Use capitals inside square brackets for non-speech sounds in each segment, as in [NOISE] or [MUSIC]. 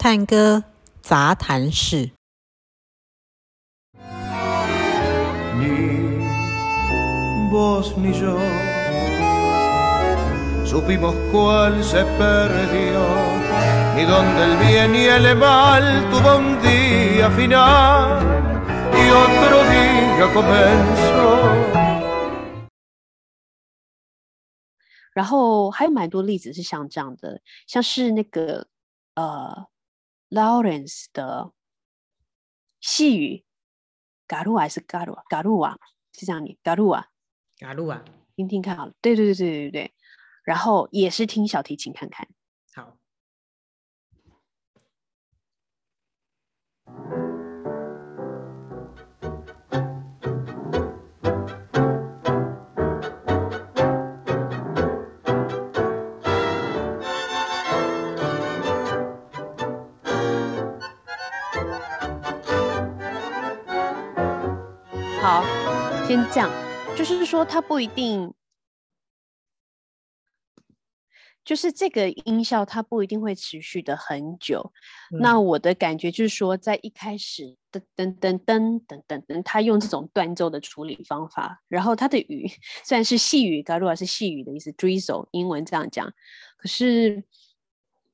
探戈雜談室。然後還有蠻多例子是像這樣的，像是那個呃。Lauranze 的細雨，嘎魯啊是嘎魯啊，嘎魯啊是這樣，你嘎魯啊，嘎魯啊，聽聽看好了，對對對對對對對，然後也是聽小提琴看看，好。先這樣，就是說它不一定，就是這個音效它不一定會持續的很久。嗯、那我的感覺就是說，在一開始噔噔噔噔噔噔噔，他用這種斷奏的處理方法，然後他的語，雖然是細雨，剛如果是細雨的意思，drizzle 英文這樣講，可是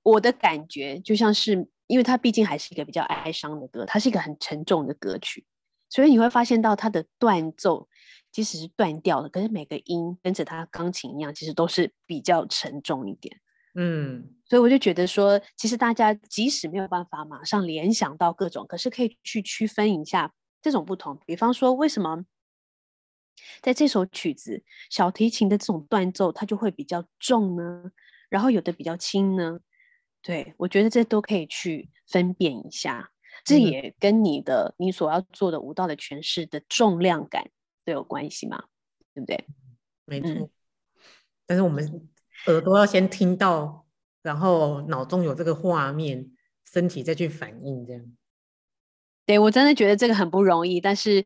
我的感覺就像是，因為它畢竟還是一個比較哀傷的歌，它是一個很沉重的歌曲。所以你會發現到它的斷奏，即使是斷掉的，可是每個音跟着它的鋼琴一樣，其實都是比較沉重一點。嗯，所以我就覺得說，其實大家即使沒有辦法馬上聯想到各種，可是可以去區分一下這種不同。比方說，為什麼在這首曲子小提琴的這種斷奏它就會比較重呢？然後有的比較輕呢？對，我覺得這都可以去分辨一下。這也跟你的、嗯、你所要做的舞蹈的詮釋的重量感都有關係嘛，對不對？沒錯、嗯。但是我們耳朵要先聽到，然後腦中有這個畫面，身體再去反應這樣。對，我真的覺得這個很不容易，但是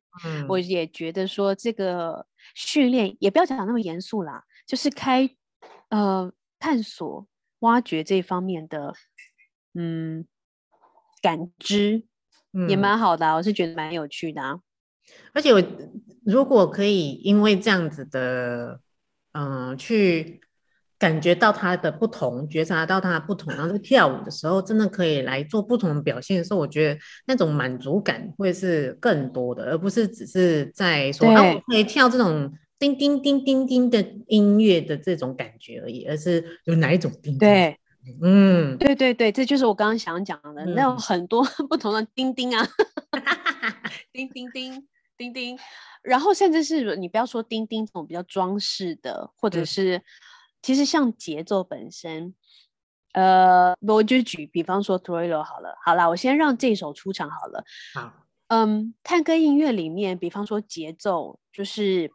我也覺得說，這個訓練也不要講那麼嚴肅啦，就是開呃探索挖掘這方面的，嗯。感知也蠻好的啊，嗯，我是覺得蠻有趣的啊。而且，我如果可以因為這樣子的，嗯，呃，去感覺到他的不同，覺察到他的不同，然後在跳舞的時候，真的可以來做不同的表現的時候，我覺得那種滿足感會是更多的，而不是只是在說啊，我會跳這種叮叮叮叮叮叮的音樂的這種感覺而已，而是有哪一種叮叮？對。嗯，對對對，這就是我剛剛想講的，嗯、那有很多不同的叮叮啊，叮叮叮叮叮，然後甚至是你不要說叮叮這種比較裝飾的，或者是、嗯、其實像節奏本身，呃，我就舉比方說 Troilo 好了，好啦，我先讓這首出場好了，好，嗯，探戈音樂裡面，比方說節奏就是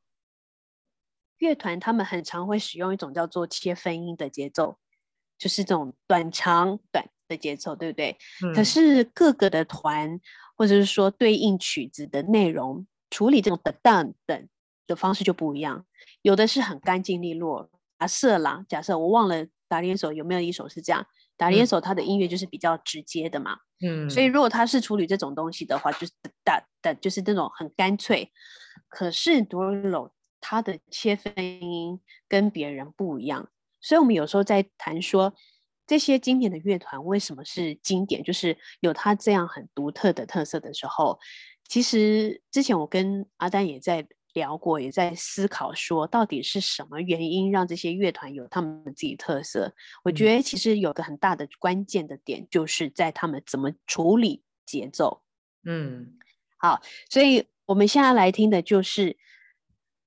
樂團他們很常會使用一種叫做切分音的節奏。就是這種短長短的節奏，對不對？嗯、可是各個的團，或者是說對應曲子的內容處理這種的當等的方式就不一樣。有的是很乾淨利落，假設啦，假設我忘了打連手有沒有一首是這樣，打連手他的音樂就是比較直接的嘛。嗯，所以如果他是處理這種東西的話，就是噠的，的就是那種很乾脆。可是多 o 他的切分音跟別人不一樣。所以，我們有時候在談說這些經典的樂團為什麼是經典，就是有它這樣很獨特的特色的時候，其實之前我跟阿丹也在聊過，也在思考說，到底是什麼原因讓這些樂團有他們自己的特色？我覺得其實有個很大的關鍵的點，就是在他們怎麼處理節奏。嗯，好，所以我們現在來聽的就是。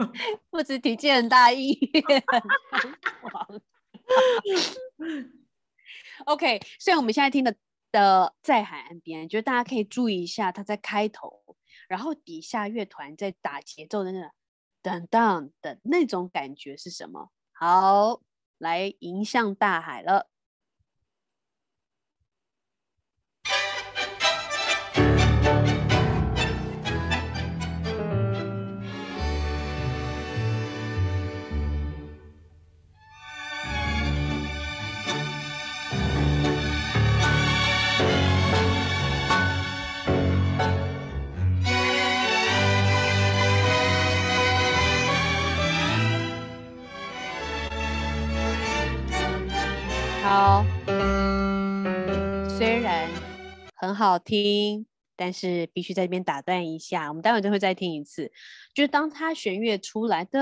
[LAUGHS] 不士體檢大意院。 [LAUGHS] OK，所以我們現在聽的的在海岸邊，覺得大家可以注意一下，它在開頭，然後底下樂團在打節奏的那種，噔噔的那種感覺是什麼？好，來迎向大海了。好聽，但是必須在這邊打斷一下，我們待會就會再聽一次。就是當他弦樂出來的，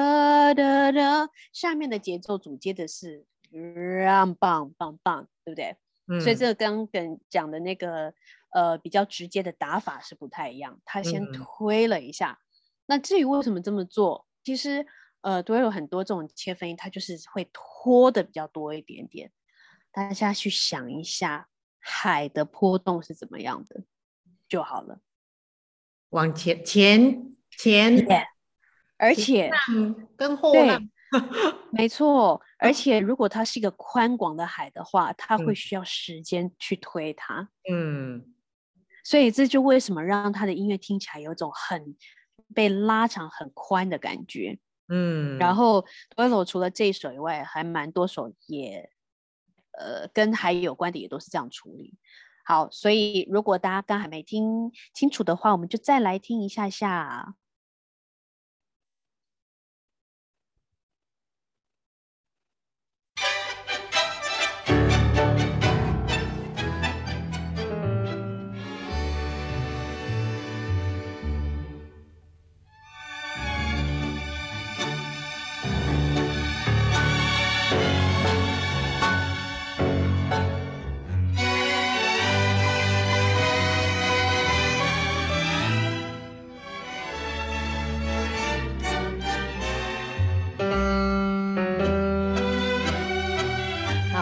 下面的節奏主接的是讓棒棒棒，對不對？嗯。所以這跟跟講的那個呃比較直接的打法是不太一樣。他先推了一下。嗯。那至於為什麼這麼做，其實呃都有很多這種切分音，他就是會拖的比較多一點點。大家去想一下。海的波動是怎麼樣的就好了。往前、前、前，yeah, 而且跟後浪，對 [LAUGHS] 沒錯。而且如果它是一個寬廣的海的話，它會需要時間去推它。嗯。嗯，所以這就為什麼讓他的音樂聽起來有一種很被拉長、很寬的感覺。嗯。然後，Troilo 除了這一首以外，還蠻多首也。呃，跟海有關的也都是這樣處理。好，所以如果大家剛還沒聽清楚的話，我們就再來聽一下下。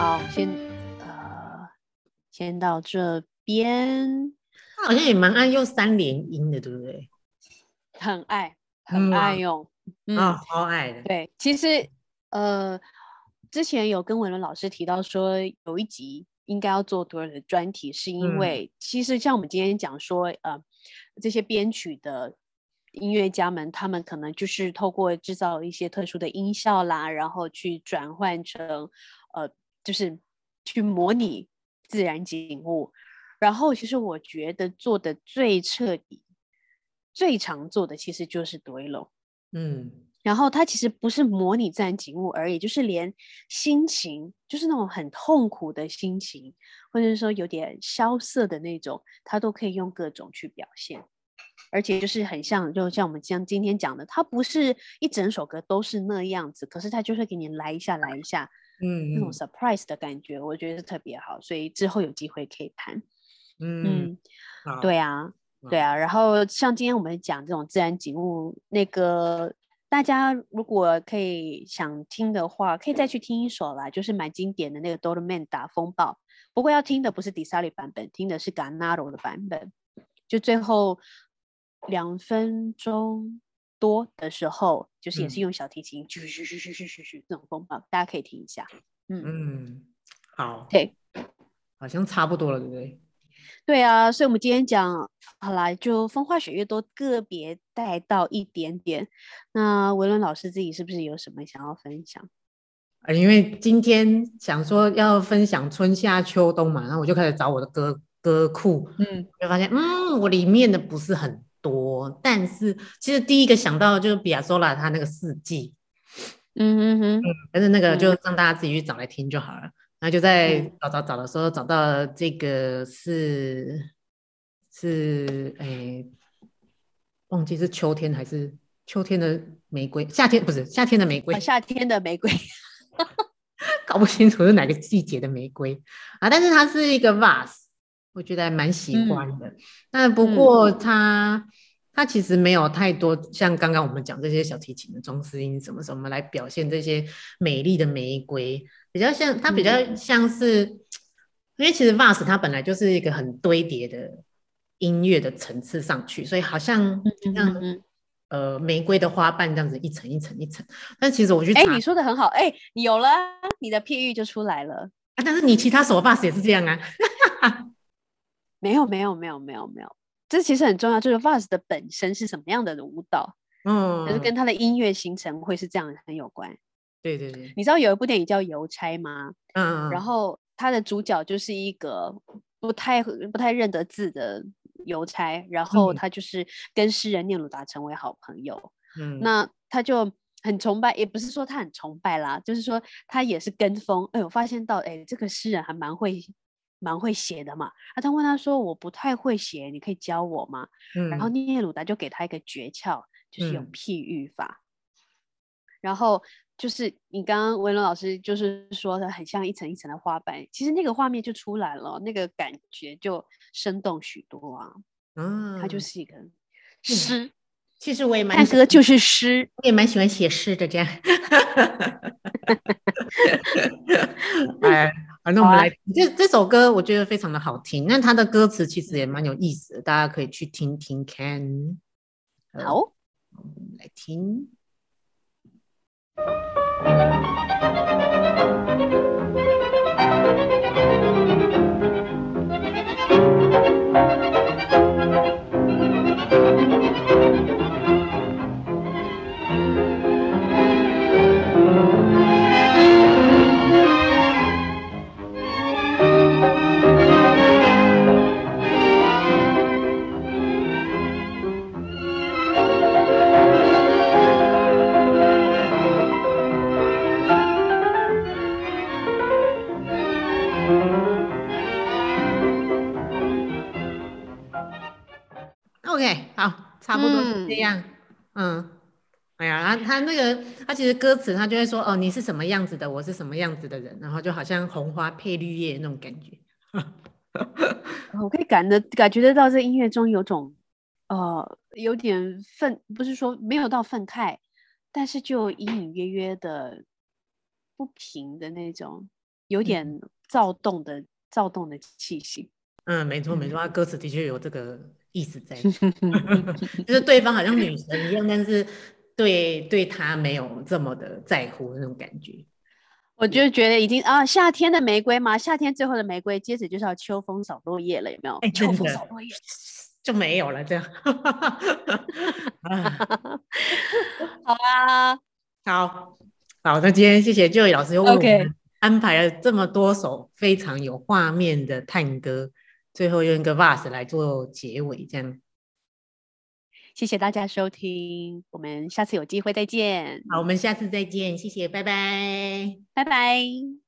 好先，呃，先到這邊。他好像也蠻愛用三連音的，對不對？很愛，很愛用，哦嗯啊，嗯，超、哦、愛的。對，其實，呃，之前有跟文文老師提到說，有一集應該要做多人的專題，是因為、嗯、其實像我們今天講說，呃，這些編曲的音樂家們，他們可能就是透過制造一些特殊的音效啦，然後去轉換成。就是去模擬自然景物，然後其實我覺得做的最徹底、最常做的其實就是 Troilo。嗯，然後它其實不是模擬自然景物而已，就是連心情，就是那種很痛苦的心情，或者是說有點蕭瑟的那種，它都可以用各種去表現，而且就是很像，就像我們今天講的，它不是一整首歌都是那樣子，可是它就是給你來一下，來一下。嗯、mm -hmm.，那種 surprise 的感覺，我覺得是特別好，所以之後有機會可以談。Mm -hmm. 嗯，啊對啊，啊，對啊。然後像今天我們講這種自然景物，那個大家如果可以想聽的話，可以再去聽一首啦，就是蠻經典的那個《Dolman 打風暴》，不過要聽的不是 Di Sarli 版本，聽的是 Canaro 的版本，就最後兩分鐘。多的時候，就是也是用小提琴，噓噓噓噓噓噓，這種風格，大家可以聽一下。嗯嗯，好，對，好像差不多了，對不對？對啊，所以我們今天講好了，就風花雪月多個別帶到一點點。那維倫老師自己是不是有什麼想要分享？啊，因為今天想說要分享春夏秋冬嘛，然後我就開始找我的歌歌庫，嗯，就發現，嗯，我裡面的不是很。但是其實第一個想到的就是比亞索拉他那個四季，嗯嗯嗯，但是那個就讓大家自己去找來聽就好了。嗯、然後就在找找找的時候，找到這個是是哎、欸，忘記是秋天還是秋天的玫瑰，夏天不是夏天的玫瑰，夏天的玫瑰， [LAUGHS] 搞不清楚是哪個季節的玫瑰啊。但是它是一個 vals 我覺得還蠻喜歡的、嗯。但不過它。嗯它其實沒有太多像剛剛我們講這些小提琴的裝飾音什麼什麼來表現這些美麗的玫瑰，比較像它比較像是，嗯、因為其實 vals 它本來就是一個很堆疊的音樂的層次上去，所以好像就像、嗯、呃玫瑰的花瓣這樣子一層一層一層。但其實我覺得，哎、欸，你說的很好，哎、欸，有了、啊、你的譬喻就出來了、啊。但是你其他什麼 vals 也是這樣啊？沒有沒有沒有沒有沒有。沒有沒有沒有沒有這其實很重要，就是 vals 的本身是什麼樣的舞蹈，嗯，就是跟他的音樂形成會是這樣很有關。對對對，你知道有一部電影叫《郵差》嗎？嗯，嗯，嗯，然後他的主角就是一個不太不太認得字的郵差，然後他就是跟詩人聶魯達成為好朋友。嗯，那他就很崇拜，也不是說他很崇拜啦，就是說他也是跟風。哎，我發現到哎，這個詩人還蠻會。蠻會寫的嘛，啊，他問他說，我不太會寫，你可以教我嗎？嗯、然後聶魯達就給他一個訣竅，就是用譬喻法。嗯。然後就是你剛剛文龍老師就是說的很像一層一層的花瓣，其實那個畫面就出來了，那個感覺就生動許多啊。嗯，他就是一個詩，嗯、其實我也蠻喜歡就是詩，我也蠻喜歡寫詩的這樣。 [LAUGHS] [LAUGHS] 哎。那我們來，啊，這這首歌，我覺得非常的好聽。那它的歌詞其實也蠻有意思的，大家可以去聽聽看。好，我們來聽。嗯嗯差不多是這樣，嗯，嗯，哎呀，他他那個他其實歌詞他就會說哦，你是什麼樣子的，我是什麼樣子的人，然後就好像紅花配綠葉那種感覺。 [LAUGHS] 我可以感的感覺得到這音樂中有種，呃，有點憤，不是說沒有到憤慨，但是就隱隱約約的不平的那種，有點躁動的、嗯、躁動的氣息。嗯，沒錯沒錯，他歌詞的確有這個。一直在， [LAUGHS] 就是對方好像女神一樣， [LAUGHS] 但是對對他沒有這麼的在乎的那種感覺。我就覺得已經啊，夏天的玫瑰嘛，夏天最後的玫瑰，接着就是要秋風掃落葉了，有沒有？哎、欸，秋風掃落葉就沒有了，這樣。 [LAUGHS] [LAUGHS] [LAUGHS] 好啊，好，好，那今天謝謝 Joy 老師為、okay. 哦、我們安排了這麼多首非常有畫面的探戈。最後用一個 vals 來做結尾，這樣。謝謝大家收聽，我們下次有機會再見。好，我們下次再見，謝謝，拜拜，拜拜。